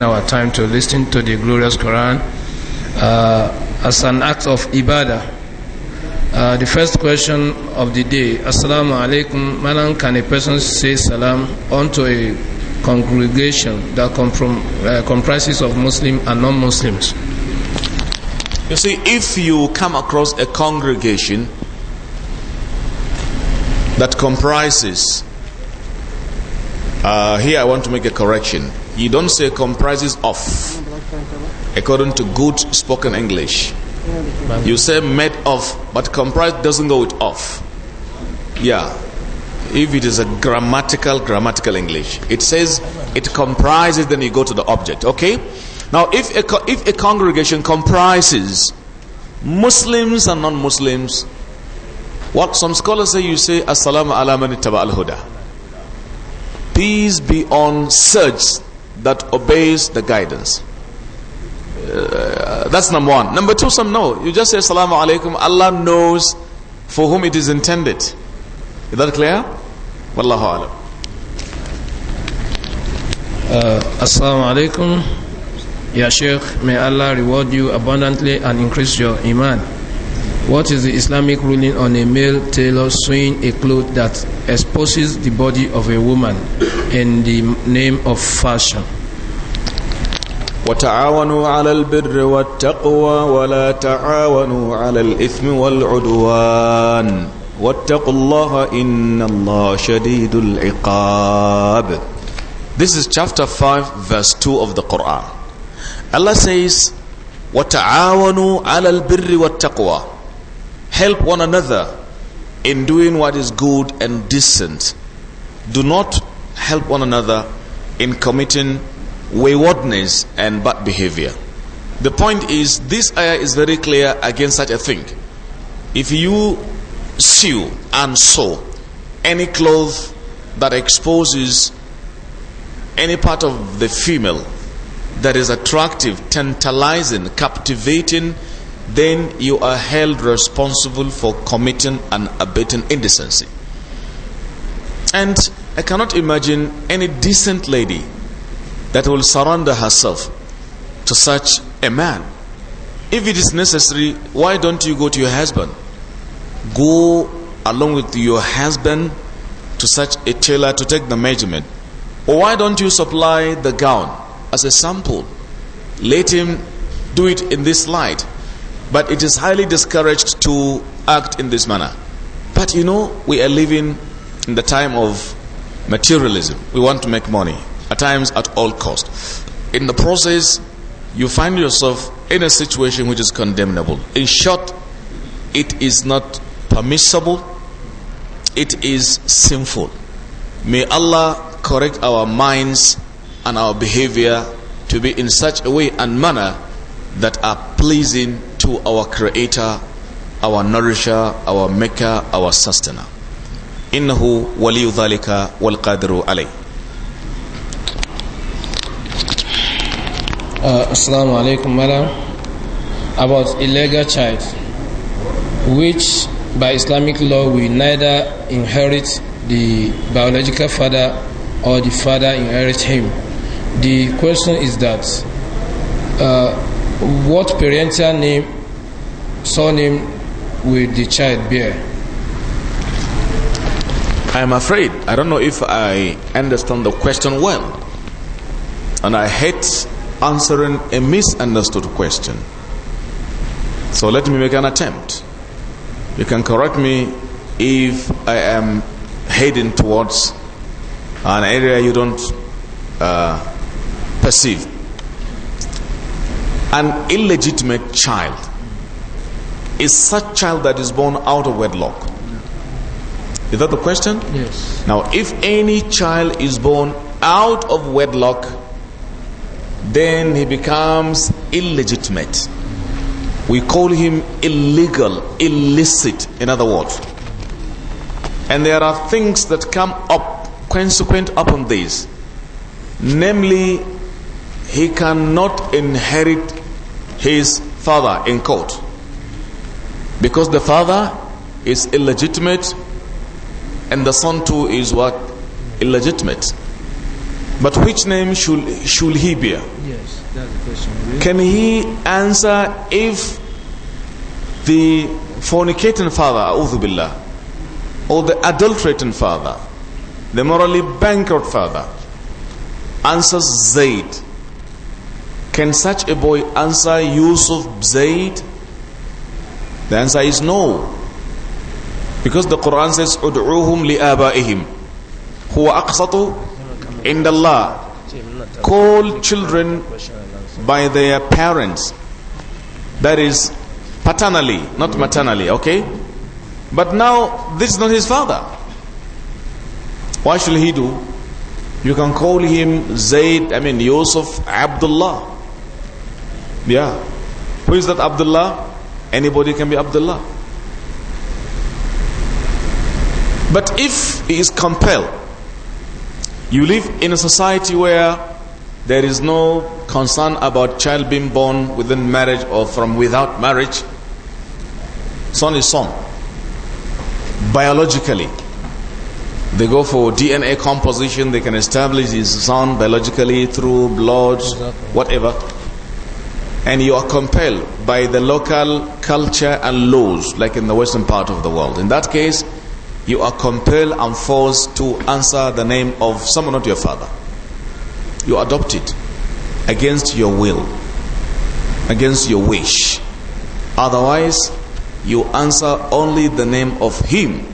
our time to listen to the glorious Quran uh, as an act of ibadah. Uh, the first question of the day Assalamu alaikum. Madam, can a person say salam unto a congregation that comprom- uh, comprises of Muslims and non Muslims? You see, if you come across a congregation that comprises uh, here I want to make a correction. You don't say comprises of, according to good spoken English. You say made of, but comprise doesn't go with of. Yeah. If it is a grammatical, grammatical English, it says it comprises, then you go to the object. Okay? Now, if a, if a congregation comprises Muslims and non Muslims, what some scholars say, you say, Assalamu Alaikum man al huda Peace be on search that obeys the guidance. Uh, that's number one. Number two, some know. You just say "Assalamu Alaikum. Allah knows for whom it is intended. Is that clear? Wallahu Alam. Uh, assalamu alaikum. Ya Sheikh, may Allah reward you abundantly and increase your iman. What is the Islamic ruling on a male tailor sewing a cloth that exposes the body of a woman in the name of fashion? وتعاونوا على البر والتقوى ولا تعاونوا على الإثم والعدوان واتقوا الله إن الله شديد العقاب This is chapter 5 verse 2 of the Quran Allah says وتعاونوا على البر والتقوى help one another in doing what is good and decent. Do not help one another in committing waywardness and bad behavior. The point is, this ayah is very clear against such a thing. If you sew and sew any cloth that exposes any part of the female that is attractive, tantalizing, captivating, then you are held responsible for committing and abetting indecency. And I cannot imagine any decent lady that will surrender herself to such a man. If it is necessary, why don't you go to your husband? Go along with your husband to such a tailor to take the measurement. Or why don't you supply the gown as a sample? Let him do it in this light but it is highly discouraged to act in this manner. But you know, we are living in the time of materialism. We want to make money, at times at all cost. In the process, you find yourself in a situation which is condemnable. In short, it is not permissible. It is sinful. May Allah correct our minds and our behavior to be in such a way and manner that are pleasing to our Creator, our Nourisher, our Maker, our Sustainer. إنه ولي ذلك والقادر عليه uh, Assalamu madam about illegal child which by Islamic law we neither inherit the biological father or the father inherit him the question is that uh, what parental name surname with the child bear? I am afraid. I don't know if I understand the question well. And I hate answering a misunderstood question. So let me make an attempt. You can correct me if I am heading towards an area you don't uh, perceive. An illegitimate child is such child that is born out of wedlock. Is that the question? Yes. Now, if any child is born out of wedlock, then he becomes illegitimate. We call him illegal, illicit, in other words. And there are things that come up, consequent upon this. Namely, he cannot inherit his father in court. Because the father is illegitimate and the son too is what? Illegitimate. But which name should, should he bear? Yes, that's the question. Really? Can he answer if the fornicating father, billah, or the adulterating father, the morally bankrupt father, answers Zaid? Can such a boy answer Yusuf Zaid? The answer is no. Because the Quran says, Ud'uhum li'abaihim. Huwa aqsatu indallah. Call children by their parents. That is paternally, not maternally, okay? But now, this is not his father. What shall he do? You can call him Zaid, I mean Yusuf Abdullah. Yeah. Who is that Abdullah? Anybody can be Abdullah. But if he is compelled, you live in a society where there is no concern about child being born within marriage or from without marriage. Son is son. Biologically, they go for DNA composition. They can establish his son biologically through blood, whatever and you are compelled by the local culture and laws, like in the western part of the world. In that case, you are compelled and forced to answer the name of someone, not your father. You adopt it against your will, against your wish. Otherwise, you answer only the name of him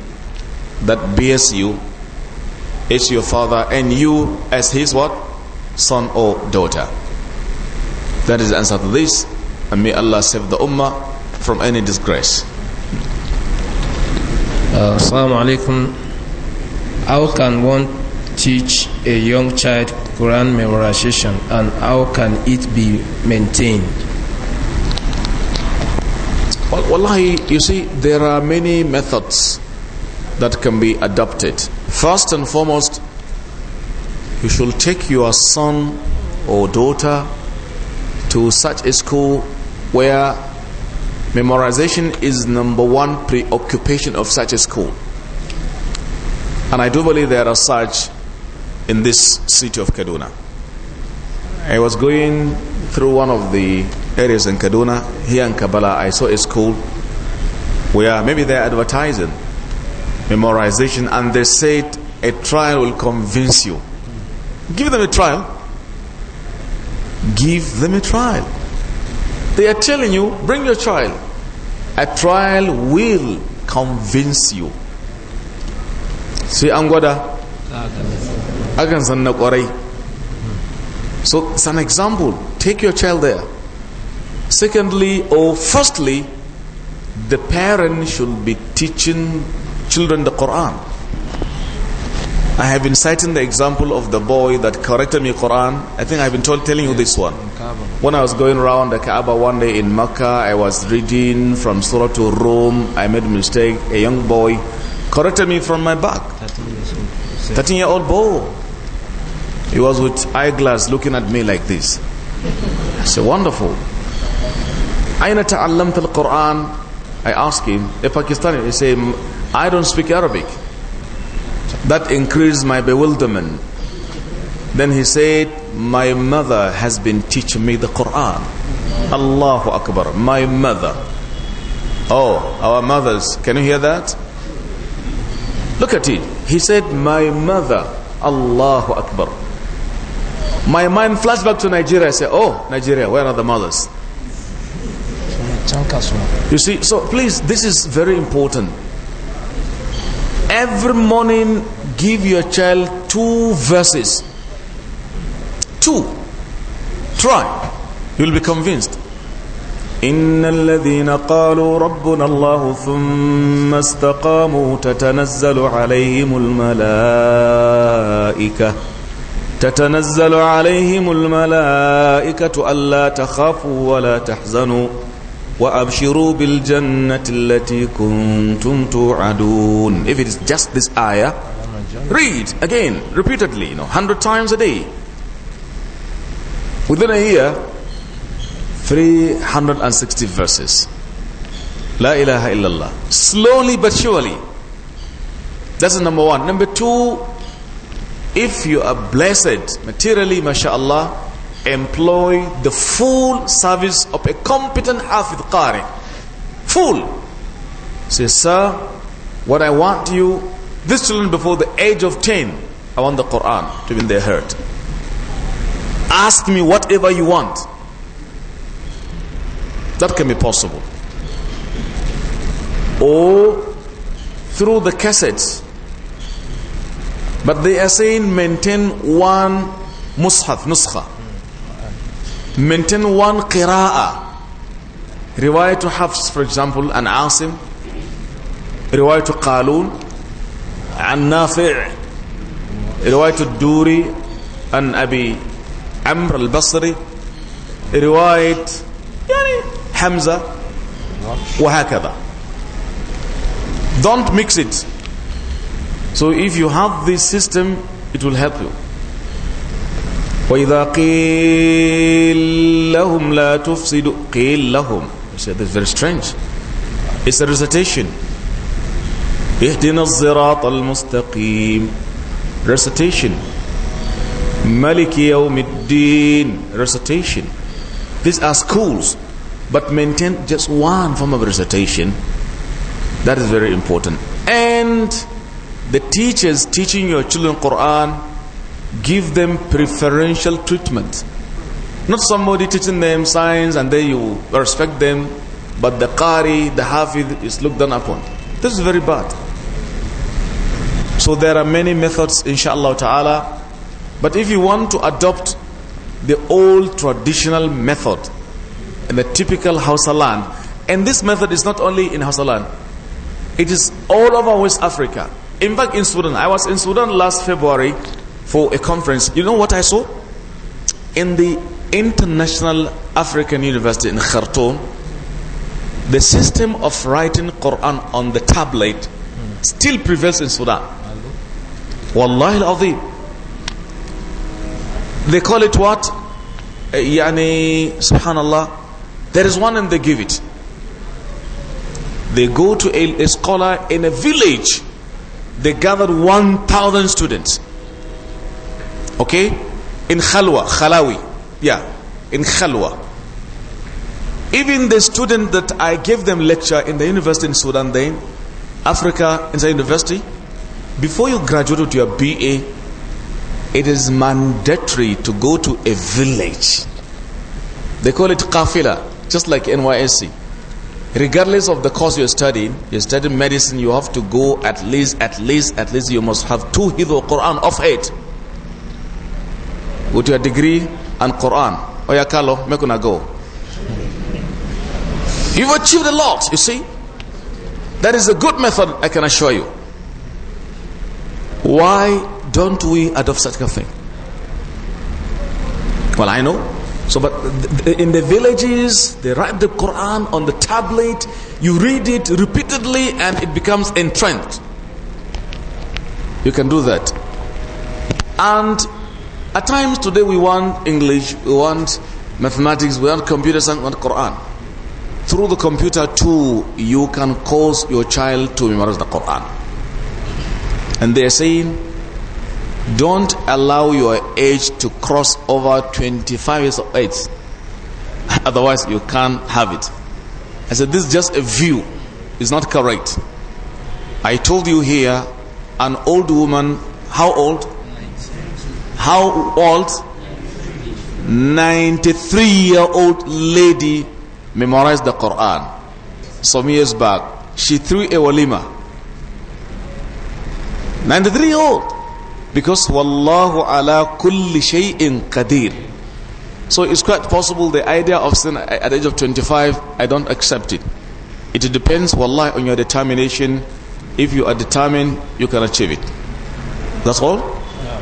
that bears you as your father and you as his what? Son or daughter. That is the answer to this. And may Allah save the Ummah from any disgrace. Uh, Assalamu alaikum. How can one teach a young child Quran memorization and how can it be maintained? Well, wallahi, you see, there are many methods that can be adopted. First and foremost, you should take your son or daughter to such a school where memorization is number one preoccupation of such a school. And I do believe there are such in this city of Kaduna. I was going through one of the areas in Kaduna, here in Kabbalah, I saw a school where maybe they're advertising memorization and they said a trial will convince you. Give them a trial give them a trial. They are telling you, bring your trial. A trial will convince you. Sai Angwada. gwada, akan zanna So it's an example. Take your child there. Secondly, or firstly, the parent should be teaching children the Quran. I have been citing the example of the boy that corrected me Quran. I think I've been told, telling you this one. When I was going around the Kaaba one day in Mecca, I was reading from Surah to Rome. I made a mistake. A young boy corrected me from my back. 13 year old boy. He was with eyeglass looking at me like this. I said, wonderful. أين al-Quran. I asked him, a Pakistani, he said, I don't speak Arabic. That increased my bewilderment. Then he said, My mother has been teaching me the Quran. Allahu Akbar, my mother. Oh, our mothers, can you hear that? Look at it. He said, My mother, Allahu Akbar. My mind flashed back to Nigeria. I said, Oh, Nigeria, where are the mothers? You see, so please, this is very important every morning give your child two verses. Two. Try. You'll be convinced. إن الذين قالوا ربنا الله ثم استقاموا تتنزل عليهم الملائكة تتنزل عليهم الملائكة ألا تخافوا ولا تحزنوا وَأَبْشِرُوا بِالْجَنَّةِ الَّتِي كُنْتُمْ تُوعَدُونَ If it is just this ayah, read again, repeatedly, you know, hundred times a day. Within a year, 360 verses. La ilaha illallah. Slowly but surely. That's number one. Number two, if you are blessed materially, mashallah, employ the full service of a competent Hafid Qari. Full. Say, sir, what I want you, these children before the age of 10, I want the Quran to be in their heart. Ask me whatever you want. That can be possible. Or through the cassettes. But they are saying maintain one mushaf, nuskha maintain one qira'ah. Riwayah to Hafs, for example, and Asim. Riwayah to Qalun, and Nafi' رواية الدوري عن أبي عمرو البصري رواية يعني حمزة وهكذا don't mix it so if you have this system it will help you وإذا قيل لهم لا تفسدوا قيل لهم He said, is very strange. It's a recitation. اهدنا الصراط المستقيم Recitation. ملك يوم الدين Recitation. These are schools, but maintain just one form of recitation. That is very important. And the teachers teaching your children Quran give them preferential treatment. Not somebody teaching them science and then you respect them, but the Qari, the Hafid is looked down upon. This is very bad. So there are many methods, inshallah ta'ala. But if you want to adopt the old traditional method in the typical Hausa land, and this method is not only in Hausa land, it is all over West Africa. In fact, in Sudan, I was in Sudan last February for a conference. You know what I saw? In the International African University in Khartoum, the system of writing Quran on the tablet still prevails in Sudan. Wallahi al They call it what? Yani, subhanallah. There is one and they give it. They go to a, a scholar in a village. They gathered 1,000 students. Okay? In Khalwa, Khalawi. Yeah, in Khalwa. Even the student that I gave them lecture in the university in Sudan then, Africa, in the university, before you graduate with your BA, it is mandatory to go to a village. They call it kafila, just like NYSC. Regardless of the course you're studying, you're studying medicine, you have to go at least, at least, at least, you must have two Hebrew Quran of it with your degree and Quran. Oya Kalo, make go. You've achieved a lot, you see. That is a good method, I can assure you. Why don't we adopt such a thing? Well, I know. So, but in the villages, they write the Quran on the tablet. You read it repeatedly and it becomes entrenched. You can do that. And at times today we want English, we want mathematics, we want computer science, we want Quran. Through the computer too, you can cause your child to memorize the Quran. And they are saying, don't allow your age to cross over 25 years of age. Otherwise, you can't have it. I said, this is just a view. It's not correct. I told you here, an old woman, how old? how old? 93 year old lady memorized the Quran some years back. She threw a walima. 93 year old. Because Wallahu ala kulli shay'in qadir. So it's quite possible the idea of sin at the age of 25, I don't accept it. It depends, wallahi, on your determination. If you are determined, you can achieve it. That's all.